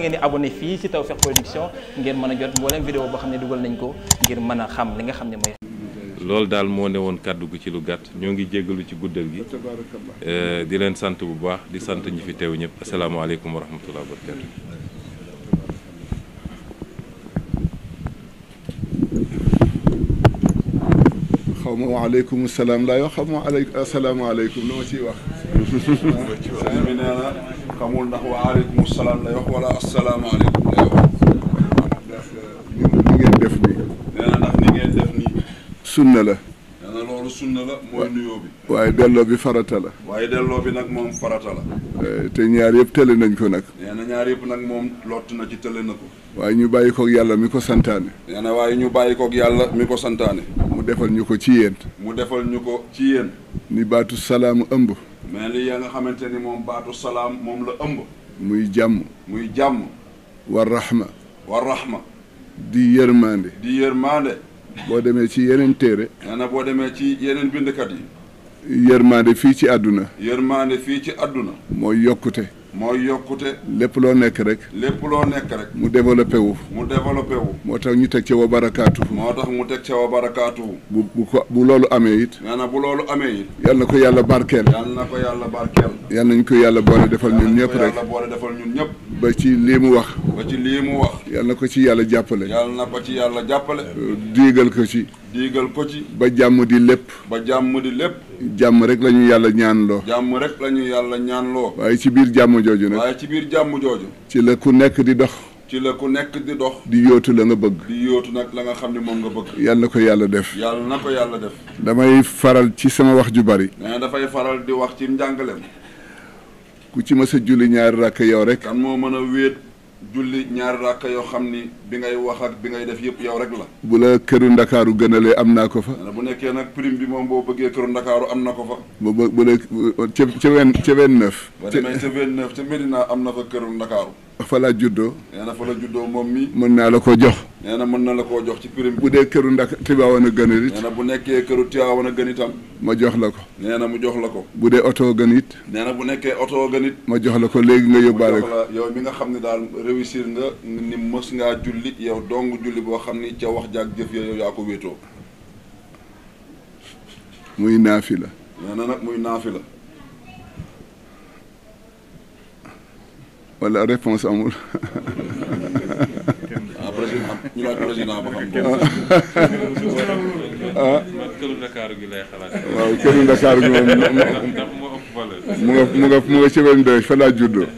ngeen di abonné fii ci Tawfekh Production ngeen mën a jot mboolem vidéo boo xam ne dugal nañ ko ngir mën a xam li nga xam ne mooy. loolu daal moo ne woon kàddu gu ci lu gàtt ñoo ngi jéggalu ci guddal gi euh, di leen sant bu baax di sant ñi fi teew ñëpp asalaamaaleykum wa rahmatulah wa barakatu. xaw ma waaleykum salaam laay xaw ma asalaamaaleykum lu wax. xamul ndax wa aleykum salaam lay wax wala asalaamaaleykum lay wax ni ngeen def nii nee ndax ni ngeen def nii sunna la nee na loolu sunna la mooy nuyoo bi waaye delloo bi farata la waaye delloo bi nag moom farata la eh, te ñaar yëpp tële nañ ko nag nee ñaar yëpp nag moom lott na ci tële na ko waaye ñu bàyyi koog yàlla mi ko santaane nee na waaye ñu bàyyi kook yàlla mi ko santaane mu defal ñu ko ci yéen mu defal ñu ko ci yéen ni baatu salaam ëmb mel ni nga xamante ni moom baatu salaam moom la ëmb muy jàmm muy jàmm war rahma war rahma di yërmande di yërmande boo demee ci yeneen téere nee na boo demee ci yeneen bindkat yi yërmande fii ci àdduna yërmande fii ci àdduna mooy yokkute mooy yokkute. lépp loo nekk rek. lépp loo nekk rek. mu développé wu. mu développé wu. moo tax ñu teg ca wa barakaatu. moo tax mu teg ca wa barakaatu. bu bu ko bu loolu amee it. nee bu loolu amee it. na ko yàlla barkeel. yal na ko yàlla barkeel. yal nañ ko yàlla boole defal ñun ñëpp rek yal nañ ko ñun ñëpp. ba ci lii mu wax. ba ci lii mu wax. yàlla na ko ci yàlla jàppale. yàlla na ko ci yàlla jàppale. diigal ko ci. diigal ko ci. ba jàmm di lépp. ba jàmm di lépp. jàmm rek la yàlla ñaanloo. jàmm rek la ñu yàlla ñaanloo. waaye ci biir jàmm jooju nag. waaye ci biir jàmm jooju. ci la ku nekk di dox. ci la nekk di dox. di yóotu la nga bëgg. di yóotu nag la nga xam ne moom nga bëgg. yàlla na ko yàlla def. yàlla na ko yàlla def. damay faral ci sama wax ju bari. nee dafay faral di wax ci njàngaleem. ku ci mës a julli ñaari rakk yow rek. kan moo mën a wéet julli ñaari rakk yoo xam ni bi ngay wax bi ngay def yëpp yaw rek la bu la këru ndakaaru gënalee am naa ko fa bu nekkee nag prime bi moom boo bëggee këru ndakaaru am na ko fa bu bu la ca ca wen ca wen neuf ba demee ca wen neuf ca Médina am na fa këru ndakaaru fa la juddoo nee na fa la juddoo moom mi mën naa la ko jox nee na mën na la koo jox ci prime bu dee këru ndak Tiwaawan a gën it nee na bu nekkee këru Tiwaawan a gën ma jox la ko nee na mu jox la ko bu dee oto gën it nee bu nekkee oto gën ma jox la ko léegi nga yóbbaale ko yow mi nga xam ne daal réussir nga jullit yow dong julli boo xam ni ca wax jaag jëf ya yow yaa ko wéetoo muy naafi la nee na muy naafi la wala réponse amul ah, ah. waaw këru Ndakaaru mu nga mu nga mu nga ci fa laa juddoo ah,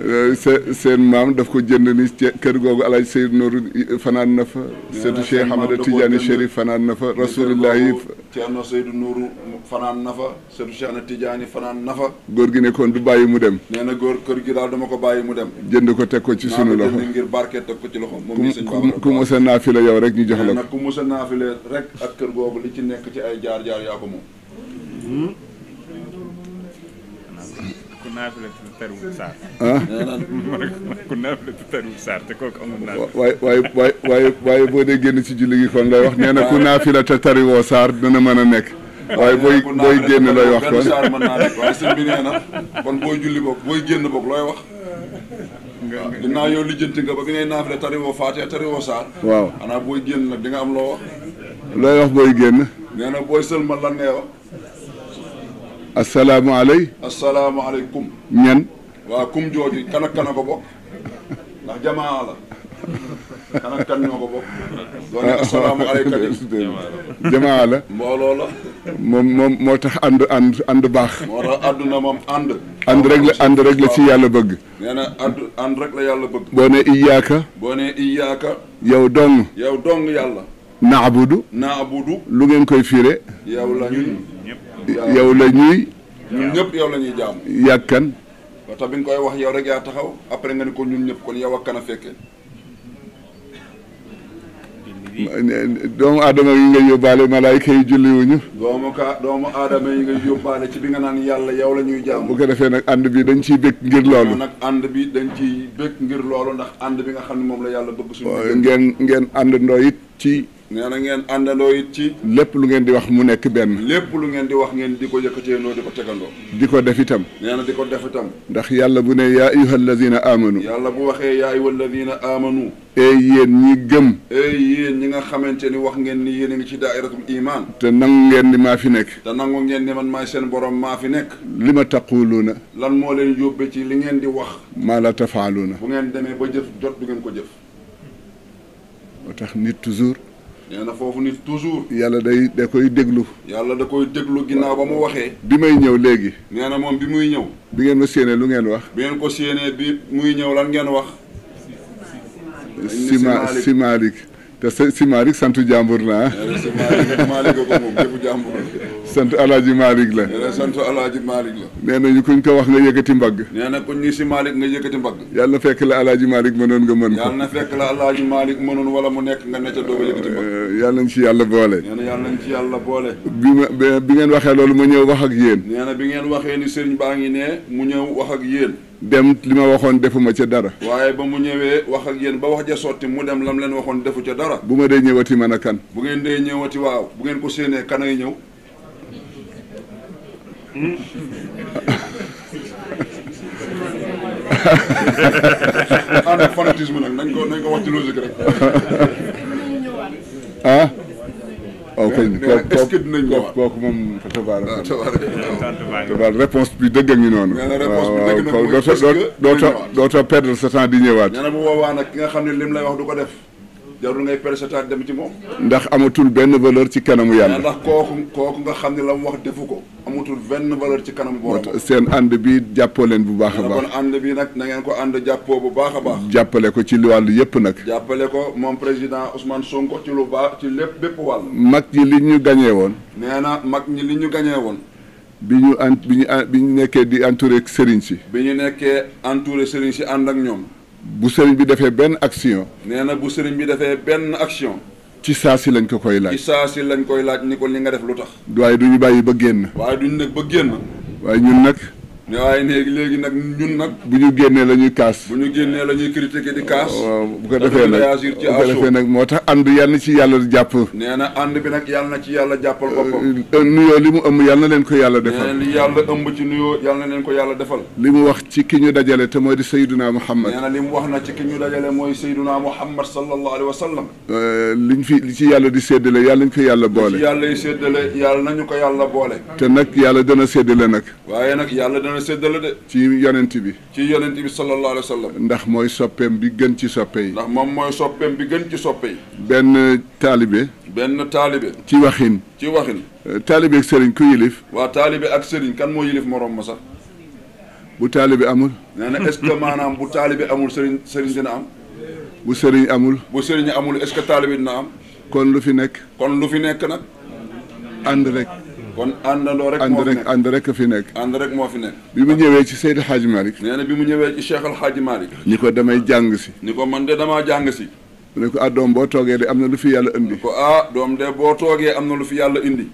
Euh, seen maam daf ko jënd ni kër googu alaaj Seyd Nooru fanaan na fa seetu Cheikh Ahmada Tidiane Chérif fanaan na fa rasulillahi Ceerno Seydou Nooru fanaan na fa seetu Cheikh Ahmada fanaan na góor gi nekkoon kon du bàyyi mu dem nee góor kër gi daal dama ko bàyyi mu dem jënd ko teg ko ci sunu loxo ngir barke teg ko ci loxo moom ku musa naafila yow rek ñu jox la ko ku musa naafila rek ak kër googu li ci nekk ci ay jaar-jaar yaa ko moom hmm? naafilatu tarwul saar. ah ku naafilatu tarwul saar te kooku amul naafila. waaye boo dee génn ci julli gi kon lay wax nee na ku naafilata tariwoo saar dana mën a nekk. waaye booy booy génn lay wax kon saar mën naa nekk waaye sëñ bi nee na kon booy julli bokk booy génn bokk looy wax. waaw dinaa yow lijjanti nga ba gi ngay naafile tariwoo faatee tariwoo saar. waaw xanaa booy génn nag di nga am loo wax. looy wax booy génn. nee na booy sëlmal lan ngay asalaamu aley asalaamu aleykum ñan waa kum jooju kan ak a ko bokk ndax jamaa la kan ak kan ko bokk doo ne asalaamu aleyka jamaa la mbooloo la moom moom moo tax ànd ànd baax moo tax àdduna moom ànd ànd rek la ànd rek ci yàlla bëgg nee na ànd rek la yàlla bëgg iyaaka boo iyaaka yow dong yow dong yàlla naabudu lu ngeen koy fiire yow la ñuy ñun ñëpp yow la ñuy jaamu. yàgg kan. ba bi nga koy wax yow rek yaa taxaw après nga ne ko ñun ñëpp kon yow ak kan a fekkee. doomu aadama yi nga yóbbaale malaayka yi julliwuñu doomu ka doomu aadama yi nga yóbbaale ci bi nga naan yàlla yow la ñuy jaam bu ko defee nag ànd bi dañ ciy bëgg ngir loolu nag ànd bi dañ ciy bëgg ngir loolu ndax ànd bi nga xam ne moom la yàlla bëgg suñu ngeen ngeen ànd ndoo it ci nee na ngeen àndandoo it ci lépp lu ngeen di wax mu nekk benn lépp lu ngeen di wax ngeen di ko yëkkateendoo di ko tegandoo di ko def itam nee na di ko def itam ndax yàlla bu ne yaa ayuha alladina amanu yàlla bu waxee yaa ayuha alladina amanu ey yéen ñi gëm ey yéen ñi nga xamante ni wax ngeen ni yéen a ngi ci daairatul iman te nangu ngeen ni maa fi nekk te nangu ngeen ni man maay seen borom maa fi nekk li ma na lan moo leen yóbbe ci li ngeen di wax maa la tafaaluuna bu ngeen demee ba jëf jot du ngeen ko jëf moo nit toujours nee na foofu nit toujours. yàlla day da koy déglu. yàlla da koy déglu ginnaaw ba mu waxee. bi may ñëw léegi. nee na moom bi muy ñëw. bi ngeen ma séenee lu ngeen wax. bi ngeen ko séenee bi muy ñëw lan ngeen wax. si si Malick te si Malick ah. sant jàmbur naa. si Malick Malick ko moom jëfu jàmbur sant El Hadj Malick la. nee na sant El Hadj Malick la. nee na ñu kuñ ko wax nga yëkkati mbagg. nee na kuñ ni si Malick nga yëkkati mbagg. yàlla na fekk la El Hadj Malick mënoon nga mën ko. yàlla na fekk la El Hadj Malick mënoon wala mu nekk nga ne ca doog a yëkkati mbagg. Eh, yàlla nañ ci yàlla boole. nee na yàlla nañ ci yàlla boole. bi ma bi ngeen waxee loolu ma ñëw wax ak yéen. nee na bi ngeen waxee ni sëriñ baa ngi ne mu ñëw wax ak yéen. dem li ma waxoon defuma ca dara waaye ba mu ñëwee wax ak yéen ba wax ja sotti mu dem lam leen waxoon defu ca dara bu ma dee ñëwati man a kan bu ngeen dee ñëwati waaw bu ngeen ko séenee kan ay ñëw ah nag nañ ah est-ce que kooku moom tabaar ah, tabaar réponse bi dëgg ak ñu noonu waaw waaw dootoo dootoo perdre di ñëwaat nee na bu boobaa nag ki nga xam ne lim lay wax du ko jarul ngay persetaak dem ci moom ndax amatul benn valeur ci kanamu yàlla ndax kooku kooku nga xam ne la mu wax defu ko amatul benn valeur ci kanamu borom seen ànd bi jàppoo leen bu baax a baax ànd bi nag na ko ànd jàppoo bu baax a baax jàppale ko ci wàllu yëpp nag jàppale ko moom président Ousmane Sonko ci lu baax ci lépp bépp wàll mag ñi li ñu gañee woon nee na mag ñi li ñu gañee woon bi ñu an bi ñu bi ñu nekkee di entouré sëriñ si bi ñu nekkee entouré sëriñ si ànd ak ñoom bu sëriñ bi defee benn action. nee na bu sëriñ bi defee benn action. ci saa si lañ ko koy laaj. ci saa si lañ koy laaj ni ko li nga def lu tax. waaye du ñu bàyyi ba génn. waaye du ñu nag ba génn. waaye ñun nag. ne waaye léegi léegi nag ñun nag. bu ñu génnee la ñuy kaas. bu ñu génnee la ñuy critiquer di kaas. waaw bu ko defee nag bu ko defee nag moo tax ànd yàlla na ci yàlla jàpp. nee na ànd bi nag yàlla ci yàlla jàppal boppam. Euh, euh, nuyoo li mu ëmb yàlla na leen ko yàlla defal. nee li yàlla ëmb ci nuyoo yàlla na ko yàlla defal. li mu wax ci ki ñu dajale te mooy di Sayyiduna Muhammad. nee na li mu wax na ci ki ñu dajale mooy Sayyiduna Muhammad sallallahu alayhi wa sallam. Euh, liñ fi li ci yàlla di séddale yàlla nañ ko yàlla boole. li ci yàlla yi séddale ko yàlla boole. te nag yàlla dana séddale nag. waaye nag yàlla dana a séddale de ci yonent bi ci yonent bi sallallahu alayhi wa ndax mooy soppeem bi gën ci soppe yi ndax moom mooy soppeem bi gën ci soppe yi benn taalibe benn taalibe ci waxin ci waxin euh, taalibe ak sëriñ ku yilif waa taalibe ak sëriñ kan moo yilif moroom ma sax bu taalibe amul nee na est maanaam bu taalibe amul sëriñ sëriñ dina am bu sëriñ amul bu sëriñ amul est-ce que taalibe dina am kon lu fi nekk kon lu fi nekk nag ànd rek kon àndandoo rek ànd rek ànd rek fi nekk ànd rek moo fi nekk bi mu ñëwee ci Seydi Hadj Malick nee na bi mu ñëwee ci Cheikh Al Hadj ni ko damay jàng si ni ko man de damaa jàng si mu ne ko ah doom boo toogee de am na lu fi yàlla indi ko ah doom de boo toogee am na lu fi yàlla indi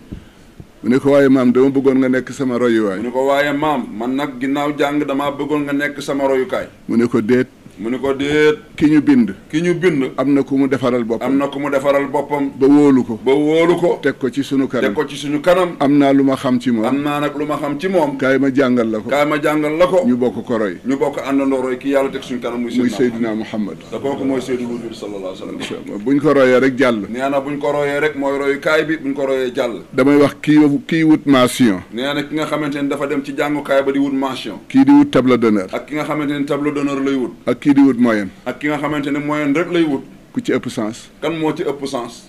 mu ne ko waaye maam dama bëggoon nga nekk sama royuwaay mu ne ko waaye maam man nag ginnaaw jàng damaa bëggoon nga nekk sama royukaay mu ne ko déet mu ne ko déet ki ñu bind ki ñu bind am na ku mu defaral boppam am na ku mu defaral boppam ba wóolu ko ba wóolu ko teg ko ci sunu kanam teg ko ci suñu kanam am naa lu ma xam ci moom am naa nag lu ma xam ci moom kaay ma jàngal la ko kaay ma jàngal la ko ñu bokk ko roy ñu bokk àndandoo roy ki yàlla teg suñu kanam muy Seydina Muhammad te kooku mooy Seydul Wujuud sallallahu alayhi wa sallam buñ ko royee rek jàll nee na buñ ko royee rek mooy kaay bi buñ ko royee jàll damay wax kii kii wut mention nee na ki nga xamante ne dafa dem ci jàngukaay ba di mention kii di wut table d'honneur ak ki nga xamante ne table d'honneur lay wut kii di wut moyen. ak ki nga xamante ne moyen rek lay wut. ku ci ëpp sens. kan moo ci ëpp sens.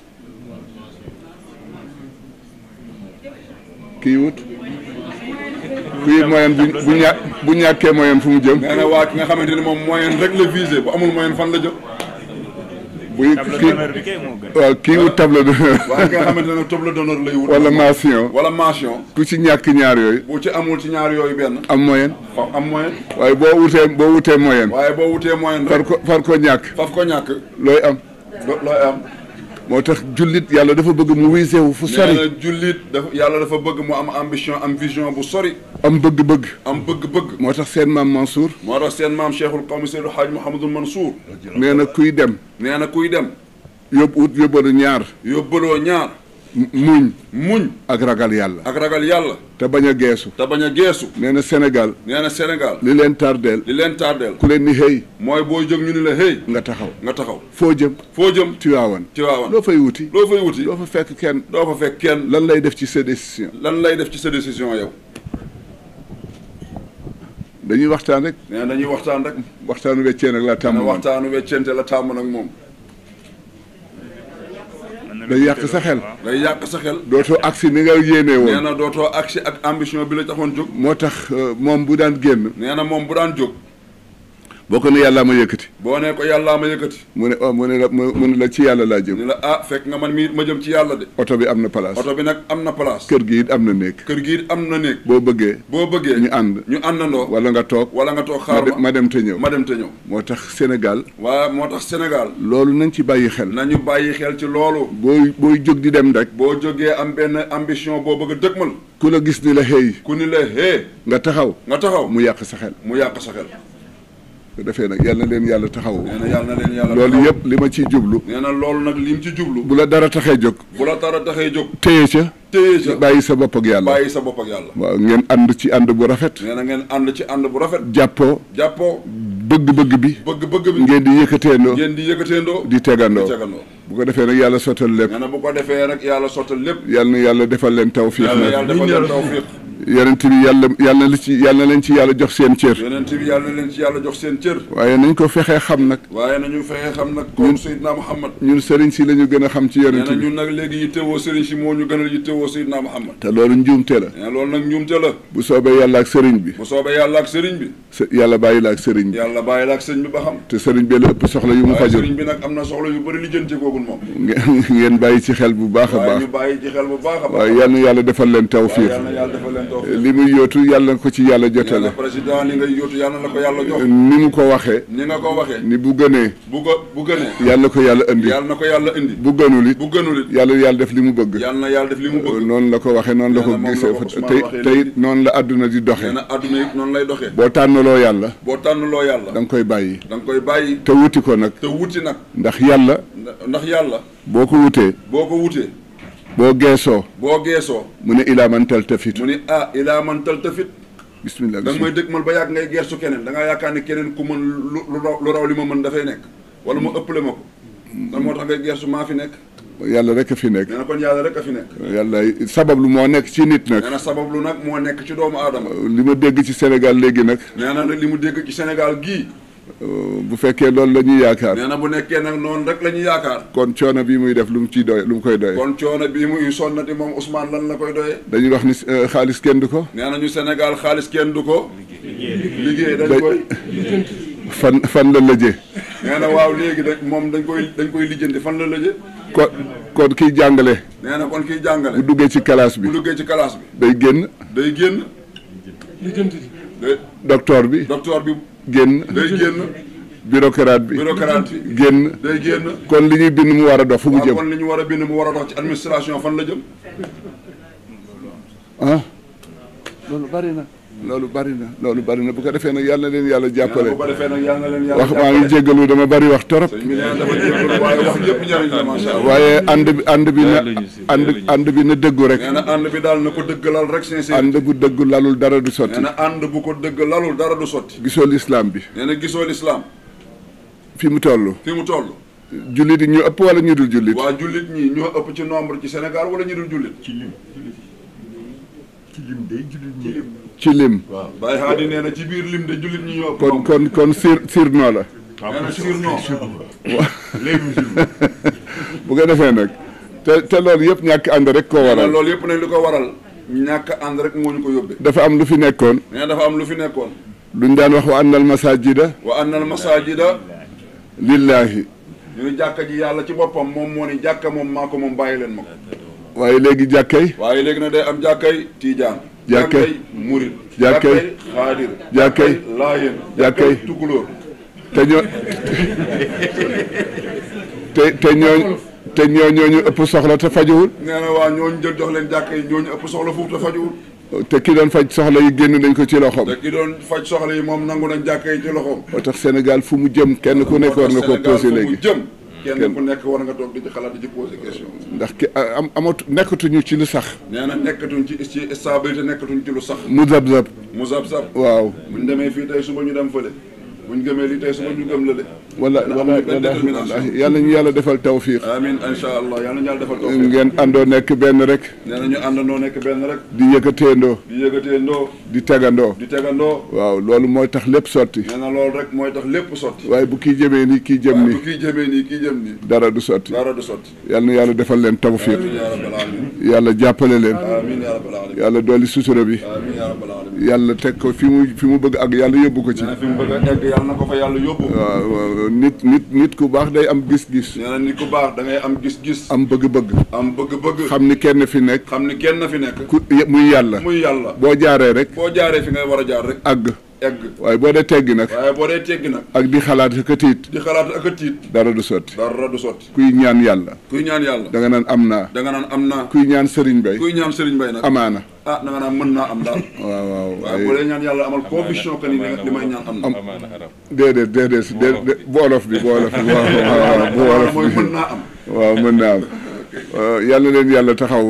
kii wut. kuy moyen bu bu ñàkkee moyen fu mu jëm. nee waa ki nga xamante ne moom moyen rek la visé bu amul moyen fan la jëm. buy kii waaw kii wut table d'honneur waaw nga xamante ne table d'honneur lay wut wala mention wala mention ku ci ñàkk ñaar yooyu bu ci amul ci ñaar yooyu benn am moyen am moyen waaye boo wutee boo wutee moyen waaye boo wutee moyen far ko far ñàkk faf ko ñàkk looy am looy am moo tax jullit yàlla dafa bëgg mu wu fu sori nee na jullit yàlla dafa bëgg mu am ambition am vision bu sori am bëgg-bëgg am bëgg-bëgg moo tax seen maam Mansour moo tax seen maam cheikhul qawmi Seydou Hadj Mouhamadul Mansour nee na kuy dem nee na kuy dem yóbbu ut yóbbaloo ñaar yóbbaloo ñaar muñ muñ ak ragal yàlla ak te bañ a geesu te bañ a geesu nee na Sénégal nee na Sénégal li leen tardeel li leen tardeel ku leen ni xëy mooy boo jóg ñu ni la xëy nga taxaw nga taxaw foo jëm foo jëm Tiwaawan Tiwaawan loo fay wuti loo fay wuti doo fa fekk kenn doo fa fekk kenn lan lay def ci sa décision lan lay def ci sa décision yow dañuy waxtaan rek nee dañuy waxtaan rek waxtaanu wecceen ak la tàmm waxtaanu weccente la tàmm nag moom day yàq sa xel day yàq sa xel dootoo agsi ni nga yéenee woon nee na dootoo agsi ak ambition bi la taxoon jóg moo tax euh, moom bu daan génn nee na moom bu daan jóg boo ko ne yàlla ma yëkkati boo ne ko yàllaa ma yëkkati mu ne oh mu ne la mu ne la ci yàlla laa jëm ni la ah fekk nga man mii ma jëm ci yàlla de oto bi am na place oto bi nag am na place kër gi it am na néeg kër gi it am na néeg boo bëggee boo bëggee ñu ànd ñu àndandoo wala nga toog wala nga toog xaar ma dem ñëw ma dem te ñëw moo tax Sénégal waa moo tax Sénégal loolu nañ ci bàyyi xel nañu bàyyi xel ci loolu booy booy jóg di dem rek boo jógee am benn ambition boo bëgg a dëgmal ku la gis ni la xëy ku ni la xëy nga taxaw nga taxaw mu yàq sa mu yàq sa defee nag yal na leen yàlla taxaw loolu yëpp li ma ciy jublu nee na loolu nag li ci jublu bu la dara taxee jóg bu la dara taxee jóg téye ca téye ca bàyyi sa bopp ak yàlla sa bopp yàlla waaw ngeen ànd ci ànd bu rafet nee na ngeen ànd ci ànd bu rafet jàppoo jàppoo bëgg-bëgg bi bëgg-bëgg bi ngeen di yëkkateendoo ngeen di yëkkateendoo di tegandoo bu ko defee nag yàlla sottal lépp nee na bu defee nag yàlla sottal lépp yal na yàlla defal leen tawfiix nag yàlla defal leen tawfiix yonent bi yàlla yàlla la ci yàlla leen ci yàlla jox seen cër. yonent bi leen ci yàlla jox seen cër. waaye nañ ko fexee xam nag. waaye nañu fexee xam nag. comme Seydina Muhammad. ñun sëriñ si la ñu gën a xam ci yonent bi. ñun nag léegi yittewoo sëriñ si moo ñu gënal yittewoo Seydina Muhammad. te loolu njuumte la. loolu nag njuumte la. bu soobee yàlla ak sëriñ bi. bu soobee yàlla ak sëriñ bi. yàlla bàyyi la ak sëriñ bi. yàlla bàyyi la ak sëriñ bi ba xam. te sëriñ bi la ëpp soxla yu mu fajul. sëriñ bi nag am na soxla yu bëri lijjanti koogul moom. ci xel bu baax a baax. waaye ñu bàyyi ci xel bu baax a baax. waaye yàlla leen tawfiq. yal na yàlla li muy yootu yàlla na ko ci yàlla jotale président li nga yootu yàlla na ko yàlla jox ni mu ko waxee ni nga ko waxee ni bu gënee ko bu gënee yàlla na ko yàlla indi yàlla na ko yàlla indi bu gënul it bu gënul yàlla yàlla def li mu bëgg na yàlla li mu noonu la ko waxee noonu la ko gisee tey tey noonu la àdduna di doxe na adduna it noonu lay doxee boo tànnaloo yàlla boo tànnaloo yàlla da koy bàyyi da koy bàyyi te wuti ko nag te wuti nag ndax yàlla ndax yàlla boo ko wutee boo ko wutee boo geesoo. boo geesoo. mu ne ilaa man taltafit. mu ne ah ilaa man taltafit. bismillah da nga may dëgmal ba yàgg ngay geesu keneen da ngaa yaakaar ne keneen ku mën lu lu raw li ma mën dafay nekk. wala mu ëppale ma ko. lan moo tax ngay geesu maa fi nekk. yàlla rek a fi nekk. nee na kon yàlla rek a fi nekk. yàlla sabab lu moo nekk ci nit nag. nee na sabab lu nag moo nekk ci doomu aadama. li ma dégg ci Sénégal léegi nag. nee na nag li mu dégg ci Sénégal gii. Euh, bu fekkee loolu la yaakaar. nee na bu nekkee nag noonu rek la ñuy yaakaar. kon coono bii muy def lu mu ciy doy lu mu koy doy kon coono bii muy sonnati moom Ousmane lan la koy doyee. dañuy wax ni euh, xaalis kenn du ko. nee nañu Sénégal xaalis kenn du ko. liggéey dañ koy fan fan la lëjee. nee na waaw léegi rek moom dañ koy dañ koy lijjanti fan la lëjee. kon kon kiy jàngale. nee na kon kiy jàngale. bu duggee ci classe bi bu duggee ci kalaas bi. day génn. day génn. lijjanti. bi. génn day génn bureaucrate bi génn day kon li ñuy bind mu war a dox fu mu jëm kon li ñu war a bind mu war a dox ci administration fan la jëm ah bari na loolu bari na loolu bari na bu ko defee nag yàlla na yàlla jàppale. yàlla jàppale wax maa ngi jéggalu dama bari wax trop. waaye wax yëpp waaye ànd bi ànd bi na ànd ànd bi na dëggu rek. na ànd bi daal na ko dëgg lal rek. sincère ànd bu dëgg lalul dara du sotti. ànd bu ko dëgg lalul dara du sotti. gisoo lislaam bi. nee na gisoo lislaam. fi mu toll. fi mu toll. jullit yi ñu ëpp wala ñu dul jullit. waa jullit ñi ñoo ëpp ci nombre ci Sénégal wala ñu dul jullit. ci lim ci lim de ci lim waaw Baye Hadi nee na ci biir lim ñi ñoo kon kon kon sir sirno ah, la waaw sirno léegi bu defee nag te te loolu yëpp ñàkk ànd rek koo waral loolu yëpp nag li ko waral ñàkk ànd rek moo ñu ko yóbbee dafa am lu fi nekkoon nee dafa am lu fi nekkoon duñ daan wax wa annal masajida wa annal masajida lillahi ñu ne jàkka ji yàlla ci boppam moom moo ni jàkka moom maa ko moom bàyyi leen ma ko waaye léegi jàkkay waaye léegi nag day am jàkkay tiijaan jàkkay murit jàkkay xaadir jàkkay laayeen jàkkay tukulóor te ñoo te te ñooñ ñoo ñu ëpp soxla te fajuwul nee na waa ñooñu jël jox leen jàkkay ñooñu ëpp soxla foofu te fajuwul te kii doon faj soxla yi génn nañ ko ci loxoom. te ki doon faj soxla yi moom nangu nañ jàkkee ci loxoom. moo tax Sénégal fu mu jëm kenn ku nekk war nga ko posé léegi. kenn ku nekk war nga toog di ci xalaat di ci poser question. ndax a am amatu nekkatuñu ci lu sax. nee na nekkatuñ ci ci stabilité nekkatuñ ci lu sax. mu zab zab. mu zab zab. waaw bu demee fii tey suba ñu dem fële. buñ gëmee li tey suba ñu gëm la de. wala yàlla ñu yàlla defal tawfiq. amiin allah yàlla ñu yàlla defal ngeen àndoo nekk benn rek. nee na ñu àndandoo nekk benn rek. di yëkkateendoo. di yëkkateendoo. di tegandoo. di tegandoo. waaw loolu mooy tax lépp sotti. nee na loolu rek mooy tax lépp sotti. waaye bu kii jëmee nii kii jëm nii. kii jëmee nii kii jëm dara du sotti. dara du sotti. yàlla na yàlla defal leen tawfiq. yàlla jàppale leen. amiin yàlla dolli sutura bi yàlla teg ko fi mu fi mu bëgg ak yàlla yóbbu ko ci. nee fi mu bëgg a egg yàlla na ko fa yàlla yóbbu. nit nit nit ku baax day am gis-gis. nee na nit ku baax da ngay am gis-gis. am bëgg-bëgg. am bëgg-bëgg. xam ni kenn fi nekk. xam ni kenn fi nekk. ku muy yàlla. muy yàlla boo jaaree rek. boo jaaree fi ngay war a jaar rek. àgg. egg waaye boo dee teggi nag waaye boo dee teggi ak di xalaat ak a tiit di xalaat a tiit dara du sotti dara du sotti kuy ñaan yàlla kuy ñaan yàlla da nga naan am naa da nga naan am naa kuy ñaan sëriñ bay kuy ñaan sëriñ bay nag amaana ah da nga naan mën naa am daal waaw waaw waaye boo dee ñaan yàlla amal conviction que ni li may ñaan am na amaana xaram déedéet déedéet déedéet bu olof bi bu olof bi waaw bu olof bi mooy mën naa am waaw mën naa am yàlla leen yàlla taxaw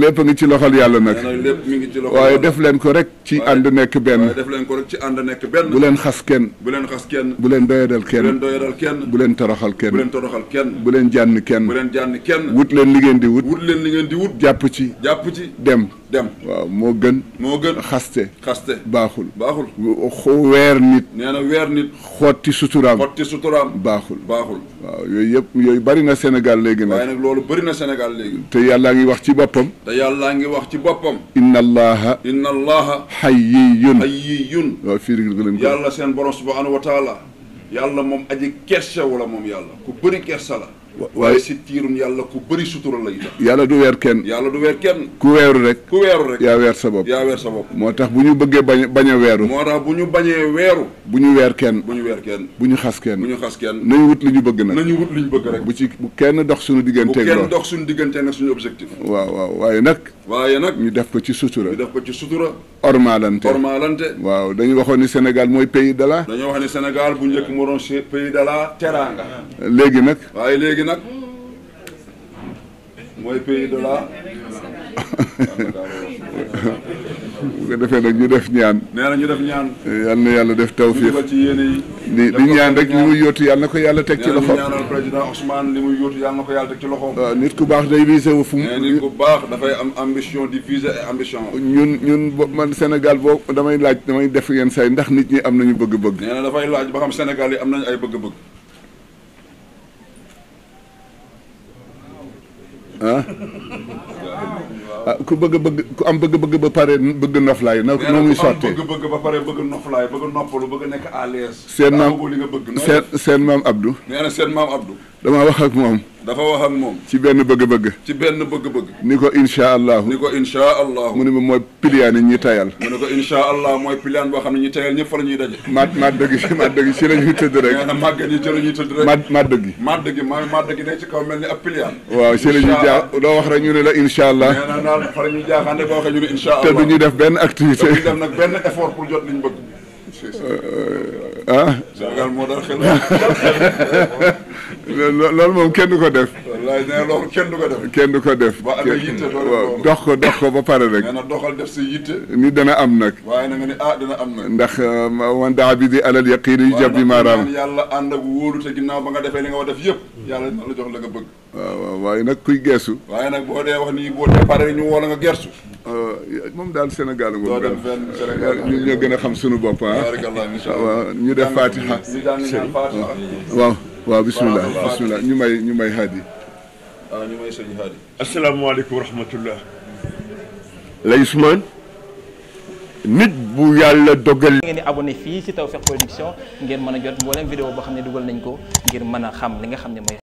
lépp ngi ci loxol yàlla nag lépp mi ngi ci loxol waaye def leen ko rek ci ànd nekk benn def ko rek ci ànd nekk benn bu leen xas kenn bu leen xas kenn bu leen doyadal kenn bu leen doyadal kenn bu leen toroxal kenn bu leen toroxal kenn bu leen jànn kenn bu leen jànn kenn wut leen li ngeen di wut wut leen li ngeen di wut jàpp ci jàpp ci dem dem waaw moo gën moo gën xaste xaste baaxul baaxul weer nit nee na weer nit xotti suturaam xotti suturaam baaxul baaxul waaw yooyu yëpp yooyu bari na Sénégal léegi nag waaye loolu bari na Sénégal léegi te yàllaa ngi wax ci boppam te yàllaa ngi wax ci boppam inna allaha inna allaha hayyiyun hayyiyun waaw fiiri nga leen ko yàlla seen borom subhanahu wa taala yàlla moom aji kersewu wala moom yàlla ku bëri kersa la waaye si tiirum yàlla ku bëri sutura la itam du weer kenn yàlla du weer kenn ku weeru rek ku weeru rek yaa weer sa bopp yaa weer sa bopp moo tax bu ñu bëggee bañ bañ a weeru moo tax bu ñu bañee weeru bu ñu weer kenn bu ñu weer kenn bu ñu xas kenn bu ñu xas kenn nañu wut li ñu bëgg nag nañu wut li ñu bëgg rek bu ci bu kenn dox suñu diggante bu kenn dox suñu diggante nag suñu objectif waaw waaw waaye nag waaye nag ñu def ko ci sutura ñu def ko ci sutura ormalante ormalante waaw dañu waxoon ni Sénégal mooy pays de la dañoo wax ni Sénégal bu njëkk moo doon pays de la teranga léegi nag nag mooy pays de la. bu ko defee ñu def ñaan. nee def ñaan. yal na yàlla yi. di di ñaan yàlla ko yàlla teg ci loxoom. ñaanal président Ousmane li muy yóotu yàlla na ko yàlla teg ci loxoom. nit ku baax day visé wu fu nit ku baax dafay am ambition di visé ay ambition. ñun ñun bo man Sénégal boo damay laaj damay def yenn say ndax nit ñi am nañu bëgg-bëgg. nee na dafay laaj ba xam Sénégal yi am nañu ay bëgg-bëgg. Ah? ah ku bëgg bëgg ku am bëgg-bëgg ba pare bëgg noflaay na noo muy sottee bëgg-bëgg ba pare bëgg noflaay bëgg noppalu bëgg nekk à l'aise seen maam seen seen maam Abdou nee na seen maam Abdou dama wax ak moom dafa wax ak moom. ci benn bëgg-bëgg. ci benn bëgg-bëgg. ni ko incha allahu. ni ko incha allahu. mu ne ma mooy piliyaan yi ñuy tayal. mu ne ko incha allah mooy piliyaan boo xam ne ñuy tayal ñëpp fa la ñuy daje. maat maat dëgg si maat dëgg si la ñuy tëdd rek. nee na màggat yi ci la ñuy tëdd rek. maat maat dëgg. maat dëgg ma maat dëgg day ci kaw mel ni ab piliyaan. waaw si la ñuy jaa doo wax rek ñu ne la incha allah. nee na daal fa la ñuy jaaxaande boo waxee ñu ne incha allah. te du ñu def benn activité te du ñu def nag benn effort pour jot liñ bëgg. Euh, euh, ah. Sénégal moo dal xel loolu moom kenn du ko def. wallaay nee loolu kenn du ko def. kenn du ko def. ba amee yitte loolu dox ko dox ko ba pare rek. nee na doxal def si yitte. ni dana am nag. waaye na nga ni ah dana am nag. ndax man um, daa bi di alal yaqiin yu jàpp bi maaraam. yàlla ànd bu ak wóolute ginnaaw ba nga defee li nga war def yëpp. yàlla dina la jox la nga bëgg. waaw waaw waaye nag kuy geesu. waaye nag boo dee wax nii boo dee pare ñu woo la nga gersu. Uh, moom daal Sénégal moom ñu ñoo gën a xam sunu bopp ah. waaw ñu def Fatiha. waaw. waaw bisimilah bisimilah ñu may ñu may haadi waaw ah, ñu may sëñ haadi asalaamaaleykum wa rahmatullah lay Ousmane nit bu yàlla dogal ngeen di abonné fii ci Tawfekh Production ngeen mën a jot mboolem vidéo boo xam ne dugal nañ ko ngir mën a xam li nga xam ne mooy